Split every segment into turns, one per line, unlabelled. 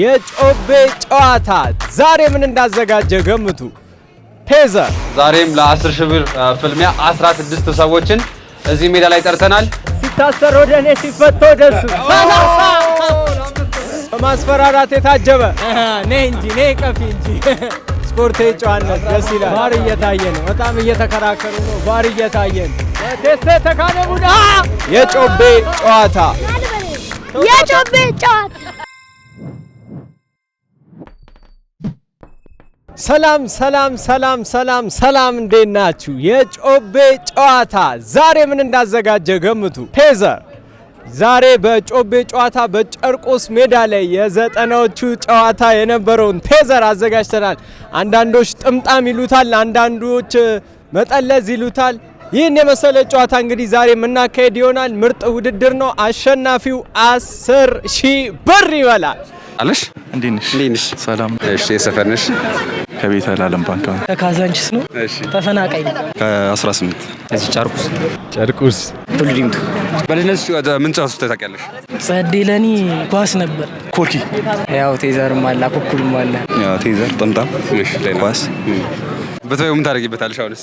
የጮቤ ጨዋታ ዛሬ ምን እንዳዘጋጀ ገምቱ። ፔዘር
ዛሬም ለ ሺህ ብር ፍልሚያ 16 ሰዎችን እዚህ ሜዳ ላይ ጠርተናል።
ሲታሰር ወደ እኔ ሲፈቶ ደሱ በማስፈራራት የታጀበ እኔ እንጂ እኔ ቀፊ እንጂ ስፖርቴ ጨዋነት ደስ ይላል። ባር እየታየ ነው። በጣም እየተከራከሩ ነው። ባር እየታየ ነው። ደሴ ተካነ ቡዳ የጮቤ ጨዋታ
የጮቤ ጨዋታ
ሰላም ሰላም ሰላም ሰላም ሰላም፣ እንዴት ናችሁ? የጮቤ ጨዋታ ዛሬ ምን እንዳዘጋጀ ገምቱ። ቴዘር ዛሬ በጮቤ ጨዋታ በጨርቆስ ሜዳ ላይ የዘጠናዎቹ ጨዋታ የነበረውን ቴዘር አዘጋጅተናል። አንዳንዶች ጥምጣም ይሉታል፣ አንዳንዶች መጠለዝ ይሉታል። ይህን የመሰለ ጨዋታ እንግዲህ ዛሬ የምናካሄድ ይሆናል። ምርጥ ውድድር ነው። አሸናፊው አስር ሺህ ብር ይበላል።
አለሽ እንዴት ነሽ? ሰላም። እሺ፣ የሰፈር ነሽ? ከቤተ ዓለም ባንክ ነው።
ከካዛንቺስ ነው። እሺ፣ ተፈናቃይ
ከ18 እዚህ ጨርቁስ ጨርቁስ ትውልድ ይምጡ። በልጅነት ምን ጨዋታ ታውቂያለሽ?
ጸዴ ለኔ ኳስ ነበር። ኮርኪ ያው ቴዘርም አለ አኩኩልም አለ።
ያው ቴዘር፣ ጥምጣም፣ ኳስ በተለይ ምን ታደርጊበታለሽ አሁንስ?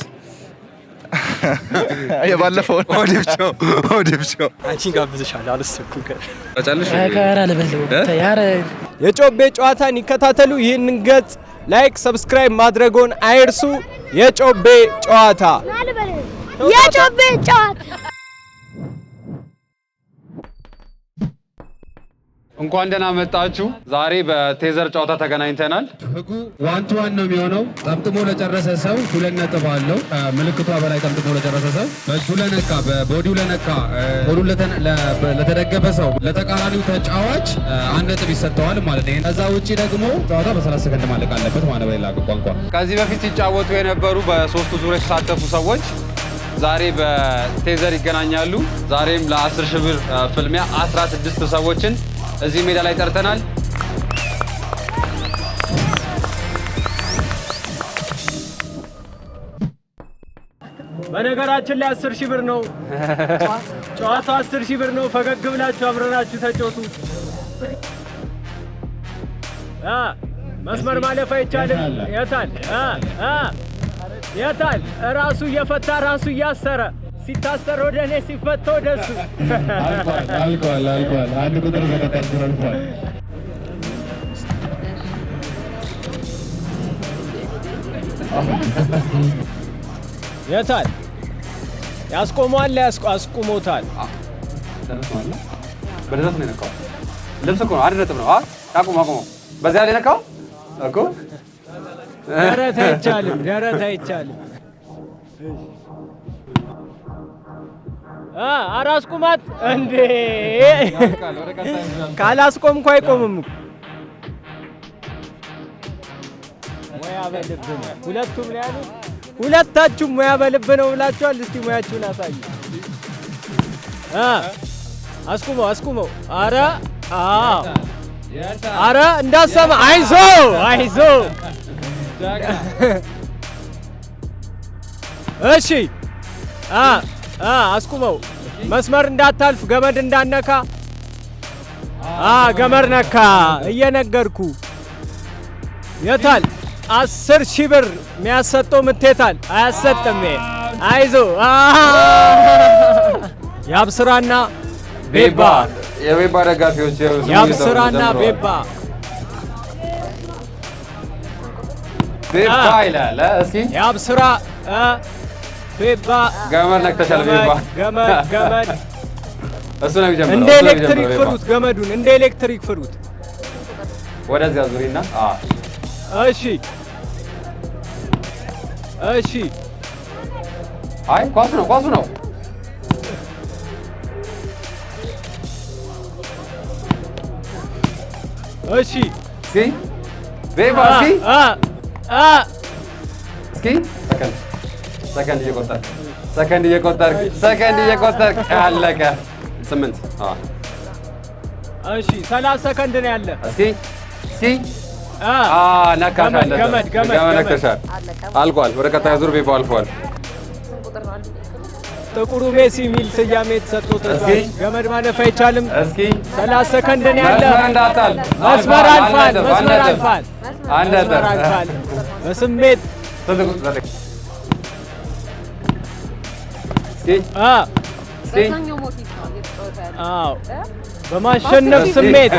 የባለፈው ኦዲብቾ ኦዲብቾ
አንቺን ጋብዝሻለሁ። ተያረ
የጮቤ ጨዋታን ይከታተሉ። ይህንን ገጽ ላይክ፣ ሰብስክራይብ ማድረጎን አይርሱ። የጮቤ ጨዋታ
የጮቤ ጨዋታ
እንኳን ደህና መጣችሁ። ዛሬ በቴዘር ጨዋታ ተገናኝተናል።
ህጉ ዋን ቱ ዋን ነው የሚሆነው። ጠምጥሞ ለጨረሰ ሰው ሁለት ነጥብ አለው። ምልክቷ በላይ ጠምጥሞ ለጨረሰ ሰው፣ በእጁ ለነካ፣ በቦዲው ለነካ፣ ሆዱ ለተደገፈ ሰው፣ ለተቃራኒው ተጫዋች አንድ ነጥብ ይሰጠዋል ማለት ነው። ከዛ ውጭ ደግሞ ጨዋታ በሰላሳ ሰከንድ ማለቅ አለበት ማለት በሌላ ቋንቋ
ከዚህ በፊት ሲጫወቱ የነበሩ በሶስቱ ዙር የተሳተፉ ሰዎች ዛሬ በቴዘር ይገናኛሉ። ዛሬም ለ10 ሺህ ብር ፍልሚያ 16 ሰዎችን እዚህ ሜዳ ላይ ጠርተናል።
በነገራችን ላይ 10 ሺህ ብር ነው ጨዋታው፣ 10 ሺህ ብር ነው። ፈገግ ብላችሁ አብረናችሁ ተጫወቱ። መስመር ማለፍ አይቻልም። የታል የታል ራሱ እየፈታ ራሱ እያሰረ ሲታሰር ወደ እኔ ሲፈታ ወደ እሱ
አልቋል። አንድ ቁጥር
የታል ያስቆመዋል። ያስቆሞታል።
በደረት ነው የነካው። ልብስ እኮ ነው። አንድ ነጥብ ነው። አቁም አቁሞ በዚያ ላይ ነካው እኮ
ደረት አይቻልም፣ ደረት አይቻልም። አራስቁማት እንዴ! ካላስቆም እኮ አይቆምም። ሙያ በልብ ነው። ሁለቱም ነው ያሉት። ሁለታችሁም ሙያ በልብ ነው ብላችኋል። እስቲ ሙያችሁን አሳዩ። አስቁመው፣ አስቁመው። አረ አረ እንዳሰማ አይዞ፣ አይዞ እሺ አ አስቁመው፣ መስመር እንዳታልፍ፣ ገመድ እንዳነካ። አ ገመድ ነካ፣ እየነገርኩ የታል? አስር ሺህ ብር የሚያሰጠው ምቴታል? አያሰጥም። አይዞ ያብስራና ቤባ
የቤባ ደጋፊዎች
ያብስራና ቤባ
ቤባ ይላል። እስኪ
የአብስራ ቤባ
ገመድ ነክተሻል። ቤባ
ገመድ ገመድ እሱ ነው የሚጀምረው። እንደ ኤሌክትሪክ ፍሩት ገመዱን፣ እንደ ኤሌክትሪክ ፍሩት።
ወደዚያ ዙሪና።
እሺ እሺ።
አይ ኳሱ ነው ኳሱ ነው። እሺ ቤባ እስኪ
እስኪ
ሰከንድ ሰከንድ ሰከንድ እየቆጠርክ ሰከንድ እየቆጠርክ አለቀ። ስምንት
እሺ፣ ሰላሳ ሰከንድ ነው ያለ።
እስኪ እስኪ ነካሽ አለ አልቋል። ወደ ቀጣዩ ዙር ቤባ አልፏል።
ጥቁሩ ሜሲ የሚል ስያሜ የተሰጡት ገመድ ማለፍ አይቻልም። እስኪ ሰላሳ ሰከንድ ነው ያለ። መስመር አልፋል። መስመር አልፋል።
መስመር አልፋል።
በስሜት በማሸነፍ ስሜት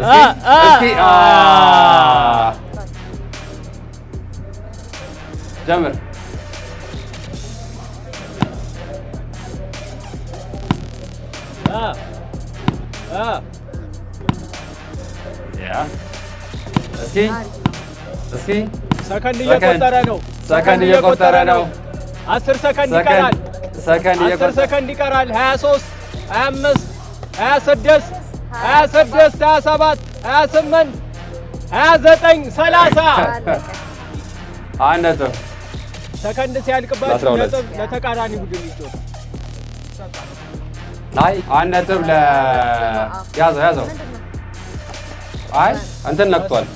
ጀምር እስኪ እስኪ
ሰከንድ እየቆጠረ ነው።
ሰከንድ እየቆጠረ ነው።
አስር ሰከንድ ይቀራል። ሰከንድ አስር ሰከንድ ይቀራል። 23 25 26 26 27 28 29 30 አንድ ነጥብ ሰከንድ ሲያልቅባችሁ ነጥብ ለተቃራኒ ቡድን ይጮህ።
አንድ ነጥብ ለያዘው ያዘው አይ እንትን ነክቷል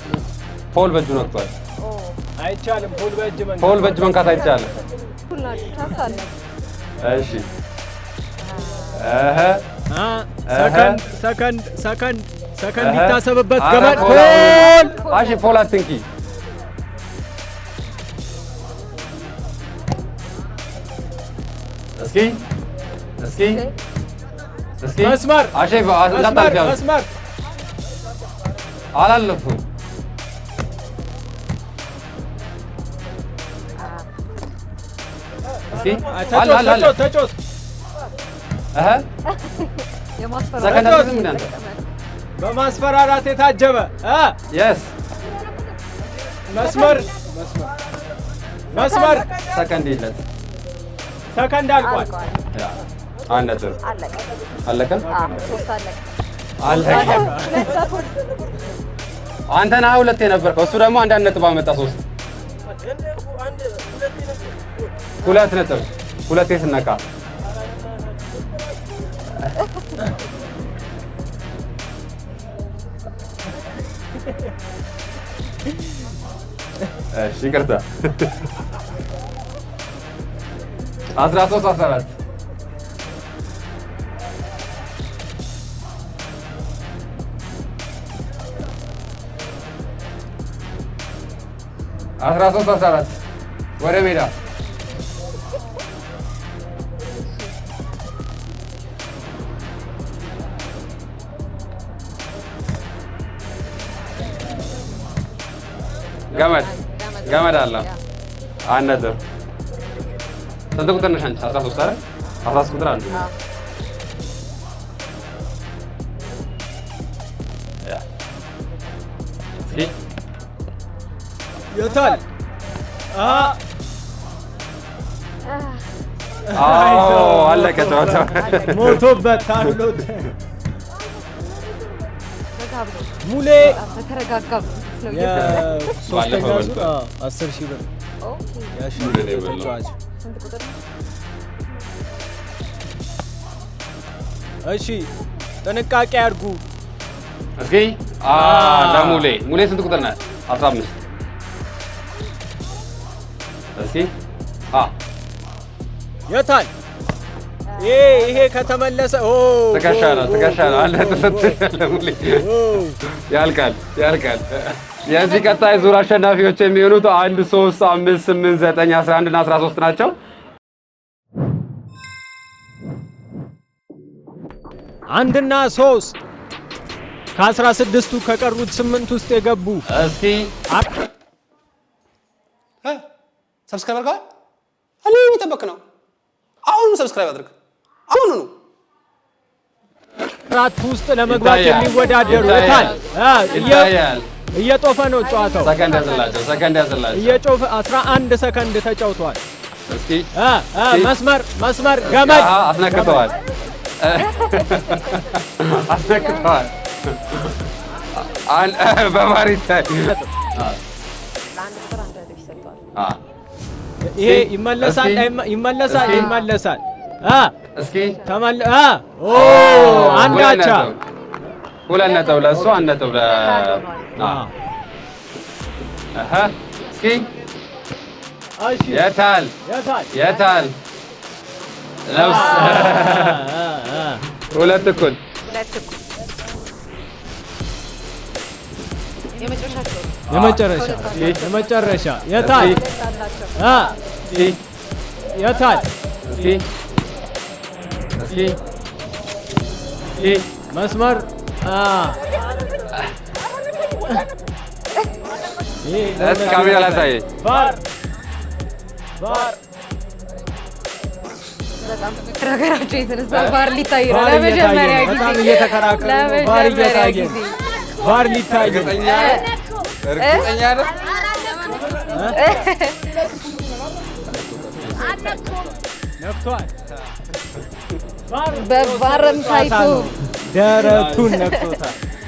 ፖል በእጁ ነክቷል። አይቻልም። ፖል በእጅ መንካት አይቻልም። እሺ
ሰከንድ ሰከንድ ሰከንድ ይታሰብበት። ገመድ ፖል
አሺ ፖል አትንኪ። እስኪ እስኪ እስኪ መስመር አሺ መስመር አላለፉም
በማስፈራራት የታጀበ መስመር መስመር
ሰከንድ የለት
ሰከንድ አልቋል።
አንድ ነጥብ አንተ ነህ ሁለት የነበርከው እሱ ደግሞ አንዳንድ ነጥብ አመጣ ሶስት ¿Cuál es el tal pulas tienes en eh sí carta. razón mira ገመድ ገመድ አለ። አንድ ነጥብ። ስንት ቁጥር ነሽ አንቺ? 13 አይደል? 13 ቁጥር አንዱ የታል? አለቀ ጨዋታው።
ሞቶበት ታሎት ሙሌ
ነው
እሺ ጥንቃቄ አድርጉ።
እስኪ ለሙሌ ሙሌ ስንት ቁጥር ናት? 15 እስኪ
የታል? ይሄ ከተመለሰ
ትከሻ ነው ትከሻ ነው አለ ተሰጥቷል። ለሙሌ ያልቃል ያልቃል የዚህ ቀጣይ ዙር አሸናፊዎች የሚሆኑት አንድ ሶስት አምስት ስምንት ዘጠኝ አስራ አንድ እና አስራ ሶስት ናቸው።
አንድና ሶስት ከአስራ ስድስቱ ከቀሩት ስምንት ውስጥ የገቡ እስቲ ሰብስክራይብ አድርገዋል። አለ የሚጠበቅ ነው። አሁኑ ሰብስክራይብ አድርግ። አሁኑ ነው ራት ውስጥ ለመግባት የሚወዳደሩ ታል እየጦፈ ነው ጨዋታው።
ሰከንድ ያዝላቸው፣ ሰከንድ ያዝላቸው።
እየጮፈ 11 ሰከንድ ተጫውቷል። እስኪ መስመር መስመር ገመድ
አስነክተዋል፣ አስነክተዋል። አን በማሪ ይታይ
ይሄ ይመለሳል፣ ይመለሳል፣ ይመለሳል። እስኪ ተመለ አንዳቻ
ሁለት ነጥብ ለእሱ አንድ ነጥብ آه. آه. اها
اسكي يا تعال يا تعال
يا تال ولا تكن يا تكن
يا مجر آه. يا تعال يا تعال ها يا تال مسمر
እስኪ ካሜራ ላሳይ።
ነገራቸው የተነሳ ቫር ሊታይ ነው ለመጀመሪያ
ጊዜ ቫር ሊታይ እርግጠኛ
ነው።
በቫርም ታይቶ
ደረቱን ነክቶታል።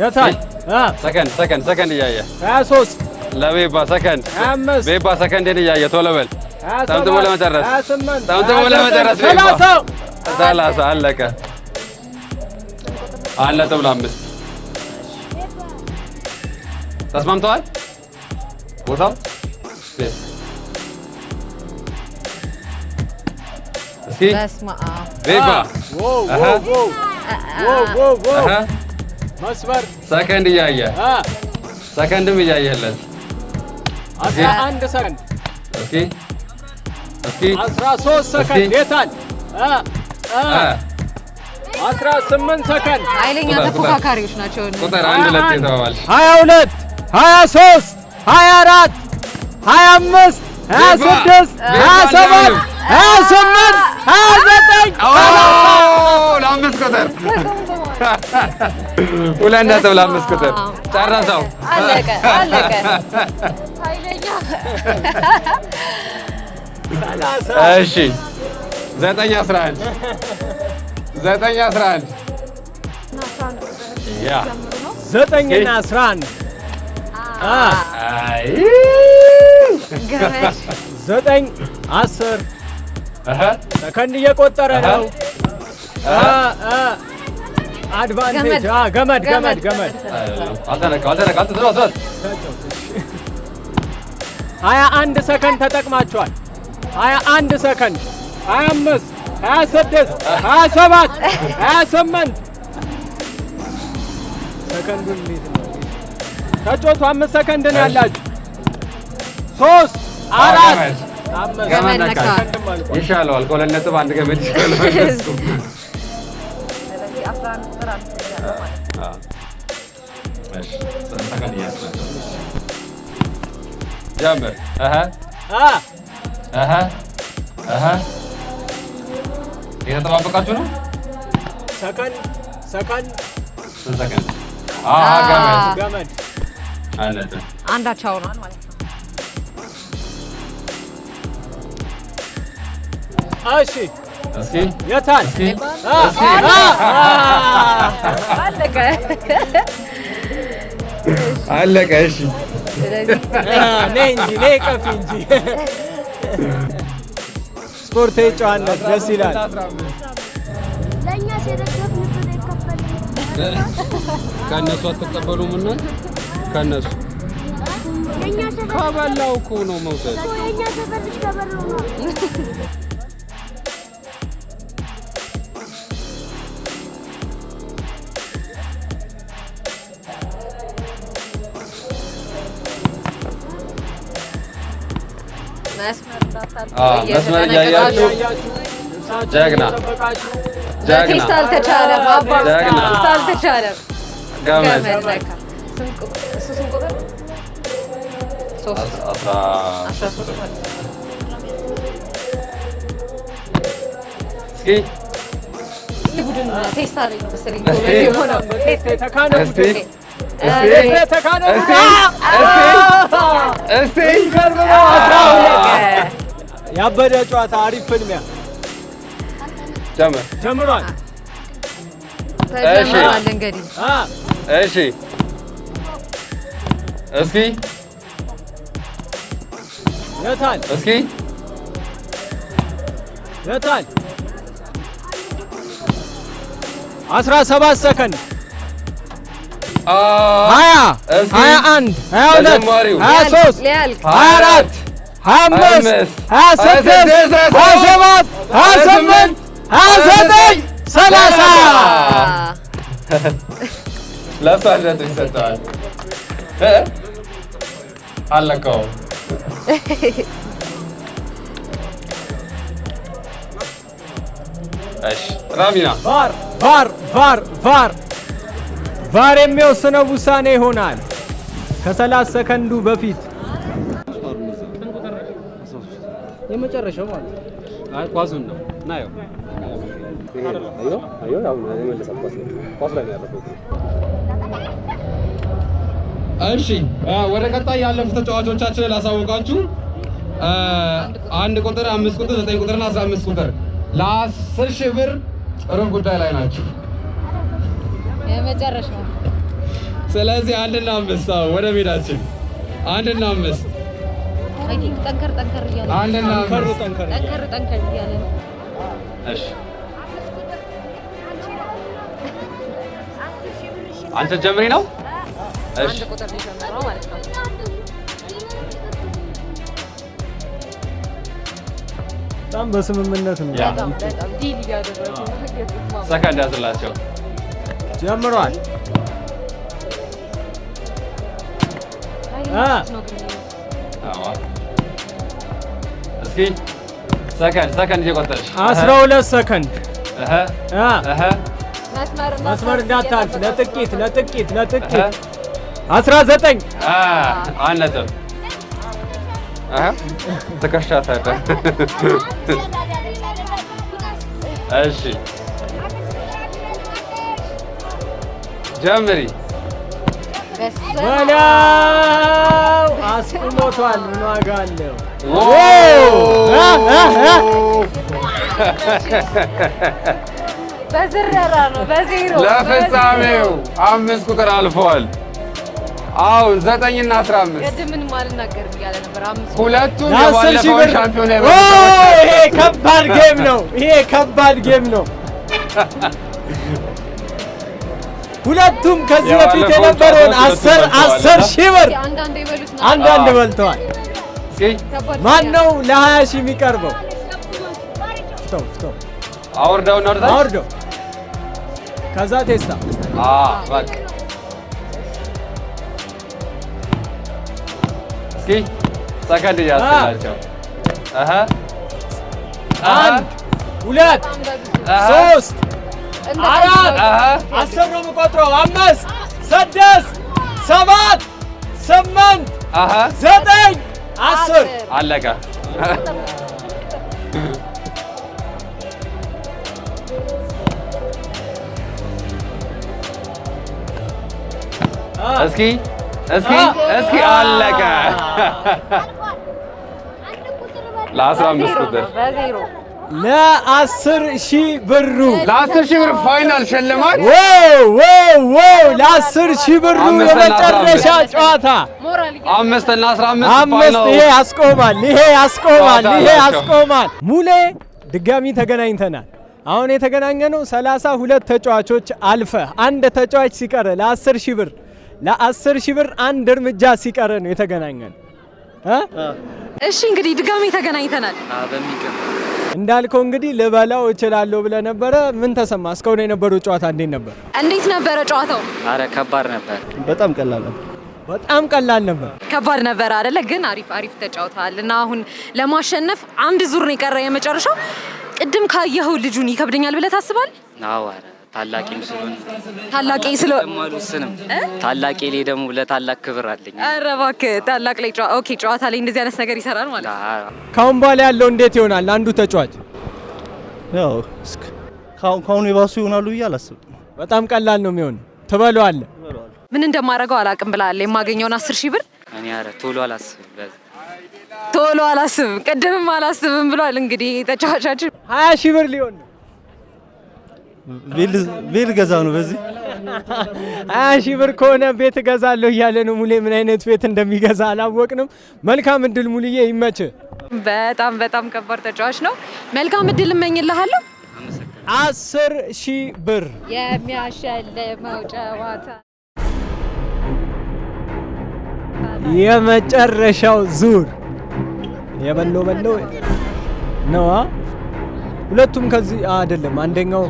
የታል
ሰከንድ ሰከንድ ሰከንድ እያየ ሀያ ሦስት ለቤባ ሰከንድ ቤባ ሰከንድን እያየ ቶሎ በል ጠምጥሞ ለመጨረስ ጠምጥሞ ለመጨረስ ሰላሳ አለቀ። አንድ ነጥብ ለአምስት ተስማምተዋል። ቦታው እስኪ ቤባ መስመር ሰከንድ እያየ ሰከንድም እያየለት
አስራ አንድ ሰከንድ
እስኪ እስኪ
አስራ ሦስት ሰከንድ የታል? አስራ ስምንት ሰከንድ
ኃይለኛ ተፎካካሪዎች ናቸው።
ቁጥር አንድ ሁለት የተባባልሽ
ሀያ ሁለት ሀያ ሀያ አራት ሀያ አምስት ሀያ ስድስት ሀያ ሰባት ሀያ ስምንት ሀያ ዘጠኝ
ለአምስት ቁጥር ሁለት ነጥብ ለአምስት ቁጥር ጨረሰው። አለቀ እሺ ዘጠኝ አስራ አንድ ዘጠኝ አስራ አንድ
ዘጠኝና አስራ አንድ ዘጠኝ አስር ሰከንድ እየቆጠረ ነው። አድቫንቴጅ ገመድ ገመድ ገመድ ሀያ አንድ ሰከንድ ተጠቅማችኋል። ሀያ አንድ ሰከንድ ሀያ አምስት ሀያ ስድስት ሀያ ሰባት ሀያ ስምንት ሰከንዱን እንዴት አምስት ሰከንድ ነው ያላችሁ። ሶስት አራት
ገመድ ነካ ይሻለዋል። ከሁለት ነጥብ አንድ ገመድ ይሻለዋል። Can mı? Aha. Ha. Aha. Aha. Yine tamam bu kaç onu?
Sakan. Sakan.
Sen sakan. Aha Ah. gamet. Gamen. Anladım.
Anda çağıran var.
Aşi. Eski. Yatan. Eski. Ha. Ha.
Ha. Allaka.
Allaka eşi.
ስለዚህ እንጂ እኔ ቀፊ እንጂ ስፖርት ጨዋነት ደስ ይላል።
ከእነሱ አትቀበሉም እና ከእነሱ
ከበላው እኮ ነው መውሰድ
A, wezmę jajeczku. Żegna. Jakiś Żegna.
salteczarem, albo Żegna. salteczarem.
Gamet. Gamet, leka.
Stosunkowe? Sos.
A ta... Nasza sos. Ski?
ቡድን ቴስት አድርግ መሰለኝ የሆነው።
Este, takana Esti? Esti? Esti? Este, takana Esti?
Esti? እስቲ
ያበደ ጨዋታ፣ አሪፍ ፍልሚያ ጀምሯል።
እንግዲህ
እሺ፣ እስኪ ለታል እስኪ
ለታል አስራ ሰከንድ
ها
آه، ها أنت ها ولد ها سوس ها رد ها مس ها سدس ها سبت ها سمن ها سدي سلاسة
لا سهلة تكسر هلا كوم ايش رامينا
فار فار فار فار ቫር የሚወስነው ውሳኔ ይሆናል። ከሰላሳ ሰከንዱ በፊት
የመጨረሻው ማለት
አይ ኳሱን ነው እሺ ወደ ቀጣይ ያለፉ ተጫዋቾቻችን ላሳወቃችሁ። አንድ ቁጥር፣ አምስት ቁጥር፣ ዘጠኝ ቁጥርና አስራ አምስት ቁጥር ለአስር ሺህ ብር ጥሩ ጉዳይ ላይ ናቸው። የመጨረሻው። ስለዚህ አንድና አምስት ወደ ሜዳችን አንድና አምስት
ጠንከር ጠንከር እያለ አንድና አምስት ጠንከር ጠንከር እያለ
እሺ አንተ ጀምሪ ነው።
እሺ
በጣም በስምምነት ነው።
ሰከንድ ያዝላቸው።
يا مروان
اه,
آه. سكن سكن جي قلت
عشرة ولا سكن اها آه.
اها
مسمر
مسمر لا تعرف لا تكيت لا تكيت لا تكيت عشرة زتن
اه عن نجم اها تكشات هذا ايش ጀምሪ
በላው አስቁሞቷል። ምን ዋጋ አለው?
በዝረራ ነው። በዜሮ
ለፍጻሜው አምስት ቁጥር አልፈዋል። አሁን ዘጠኝና አስራ አምስት
ነበር።
ሁለቱም የባለፈውን ሻምፒዮን። ይሄ ከባድ ጌም ነው። ይሄ ከባድ ጌም ነው። ሁለቱም ከዚህ በፊት የነበረውን አስር አስር ሺህ ብር አንዳንድ በልተዋል። ማን ነው ለሀያ ሺህ የሚቀርበው? አውርደው አውርደው። ከዛ ቴስታ
ሰከንድ እያስላቸው
አንድ ሁለት ሶስት አራት አስር ነው የምቆጥረው። አምስት ስድስት ሰባት ስምንት ዘጠኝ አስር
አለቀ። እስኪ እስኪ እስኪ አለቀ። ለአስራ አምስት ቁጥር
ለአስር ሺህ ብሩ
ለአስር ሺህ ብር ፋይናል ሽልማት
ለአስር ሺህ ብሩ የመጨረሻ ጨዋታ
አምስትና አስራ
አምስት ይሄ ያስቆማል ይሄ ያስቆማል ይሄ ያስቆማል። ሙሌ ድጋሚ ተገናኝተናል። አሁን የተገናኘነው ሰላሳ ሁለት ተጫዋቾች አልፈ አንድ ተጫዋች ሲቀረ ለአስር ሺህ ብር ለአስር ሺህ ብር አንድ እርምጃ ሲቀረ ነው የተገናኘነው።
እሺ እንግዲህ ድጋሚ ተገናኝተናል።
እንዳልከው እንግዲህ ልበላው እችላለሁ ብለህ ነበረ። ምን ተሰማ? እስካሁን የነበረው ጨዋታ እንዴት ነበር?
እንዴት ነበረ ጨዋታው?
አረ ከባድ ነበር።
በጣም ቀላል ነበር። በጣም ቀላል ነበር።
ከባድ ነበር አይደለ? ግን አሪፍ አሪፍ ተጫውተሃል እና አሁን ለማሸነፍ አንድ ዙር ነው የቀረ የመጨረሻው። ቅድም ካየኸው ልጁን ይከብደኛል ብለህ ታስባል?
አዎ አረ ታላቂም ስለሆነ ታላቂ ስለሆነ ታላቂ ላይ ደግሞ ለታላቅ ክብር አለኝ።
ኧረ እባክህ ታላቅ ላይ ጨዋ ኦኬ፣ ጨዋታ ላይ እንደዚህ አይነት ነገር ይሰራል ማለት
ነው። ካሁን በኋላ ያለው እንዴት ይሆናል? አንዱ ተጫዋች
ያው እስከ ካሁን ካሁን የባሱ ይሆናሉ ብዬ አላስብም።
በጣም ቀላል ነው የሚሆን። ትበለዋለህ።
ምን እንደማደርገው አላውቅም ብላለህ። የማገኘውን አስር ሺህ ብር
እኔ ኧረ ቶሎ አላስብም
ቶሎ አላስብም፣ ቅድምም አላስብም ብሏል። እንግዲህ ተጫዋቻችን
ሀያ ሺህ ብር ሊሆን ነው
ቤት ገዛ ነው። በዚህ
ሀያ ሺህ ብር ከሆነ ቤት እገዛለሁ እያለ ነው ሙሌ። ምን አይነት ቤት እንደሚገዛ አላወቅንም። መልካም እድል ሙልዬ፣ ይመች።
በጣም በጣም ከባድ ተጫዋች ነው። መልካም እድል እመኝልሃለሁ።
አስር ሺ ብር
የሚያሸልመው ጨዋታ
የመጨረሻው ዙር የበሎ በሎ ነዋ። ሁለቱም ከዚህ አይደለም አንደኛው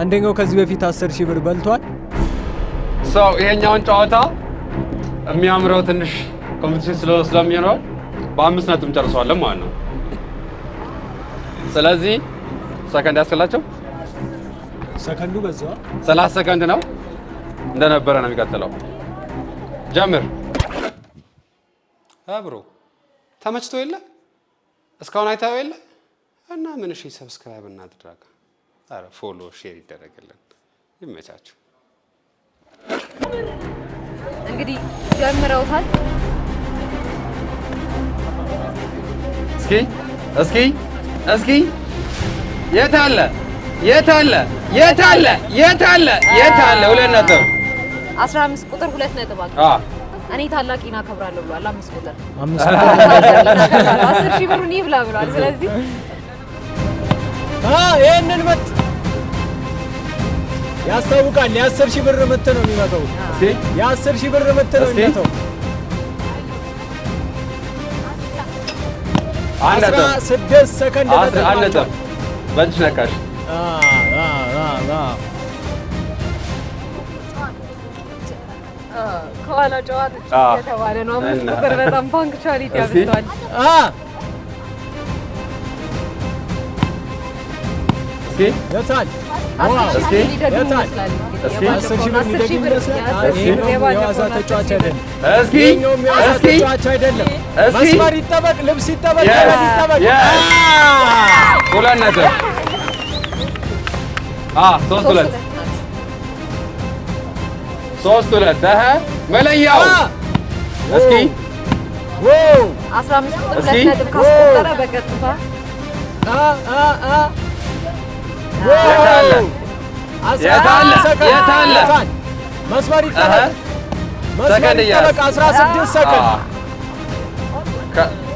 አንደኛው ከዚህ በፊት አስር ሺህ ብር በልቷል።
ሰው ይሄኛውን ጨዋታ የሚያምረው ትንሽ ኮምፒቲሽን ስለሚኖር በአምስት ነጥብ ጨርሰዋለን ማለት ነው። ስለዚህ ሰከንድ ያስከላቸው ሰከንዱ በዛ ሰላሳ ሰከንድ ነው እንደነበረ ነው የሚቀጥለው። ጀምር
አብሮ ተመችቶ የለ እስካሁን አይታየው የለ እና ምን እሺ ሰብስክራይብ እናድርግ አረ ፎሎ ሼር ይደረግልን። ይመቻችሁ።
እንግዲህ ጀምረውታል።
እስኪ እስኪ እስኪ የት አለ የት አለ የት አለ የት አለ የት አለ? ሁለት ነጥብ
15 ቁጥር ሁለት ነጥብ አዎ እኔ ታላቂና አከብራለሁ ብሏል። አምስት ቁጥር
አምስት ቁጥር
አስር ሺህ ብሩን ይብላ ብሏል። ስለዚህ
አ ይሄንን መጥ ያስታውቃል። የአስር ሺህ ብር ምት ነው የሚመታው። የአስር ሺህ ብር ምት ነው የሚመጣው። አስራ ስድስት ሰከንድ
ተጠቅሟል። በእጅ ነካሽ
ከኋላ ጨዋታ የተባለ ነው። አምስት ቁጥር በጣም ፓንክቹዋሊቲ ያብቷል።
ተጫዋች አይደለም። መስመር ይጠበቅ፣ ልብስ ይጠበቅ፣
ይጠበቅ። ሁለት ነጥብ ሶስት ሁለት ሶስት ሁለት መለያው እስኪ
አስራ አምስት ቁጥር ሁለት ነጥብ ካስቆጠረ በቀጥታ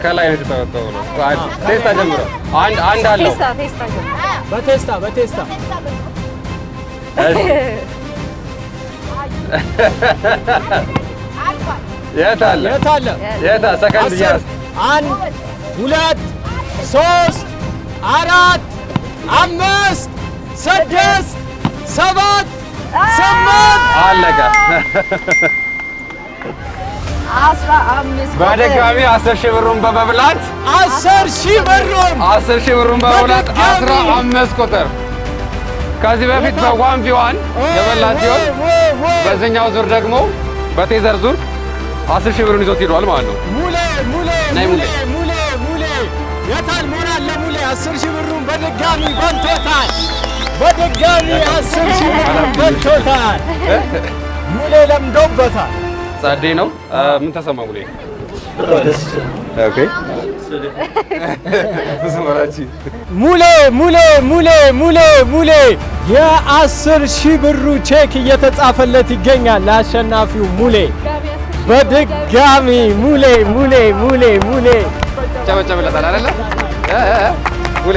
ከላይ ነው የተጠረጠሩ ነው። ቴስታ ጀምሮ አንድ አንድ አለው
በቴስታ በቴስታ የት አለ የት አለ
የት ሰከንድ
አንድ ሁለት ሶስት አራት አምስት ስድስት፣ ሰባት፣ ስምንት
አለቀ። በድጋሚ አስር ሺህ ብሩን በመብላት
አስር ሺህ ብሩን
አስር ሺህ ብሩን በመብላት አስራ አምስት ቁጥር ከዚህ በፊት በዋን ቢዋን የበላ ሲሆን በዚህኛው ዙር ደግሞ በቴዘር ዙር አስር ሺህ ብሩን ይዞት ሄዷል ማለት ነው።
ሙሌ ሙሌ ሙሌ ሙሌ የታል ሞራል ለሙሌ አስር ሺህ ብሩን በድጋሚ በልቶታል። በድጋሚ አስር ሺህ ሙሌ ለምዶበታል።
ጻዴ ነው። ምን ተሰማ ሙሌ? ኦኬ
ሙሌ ሙሌ ሙሌ ሙሌ ሙሌ የአስር ሺህ ብሩ ቼክ እየተጻፈለት ይገኛል ለአሸናፊው ሙሌ በድጋሚ ሙሌ ሙሌ ሙሌ ሙሌ
ጨበጨብለታል አይደለ ሙሌ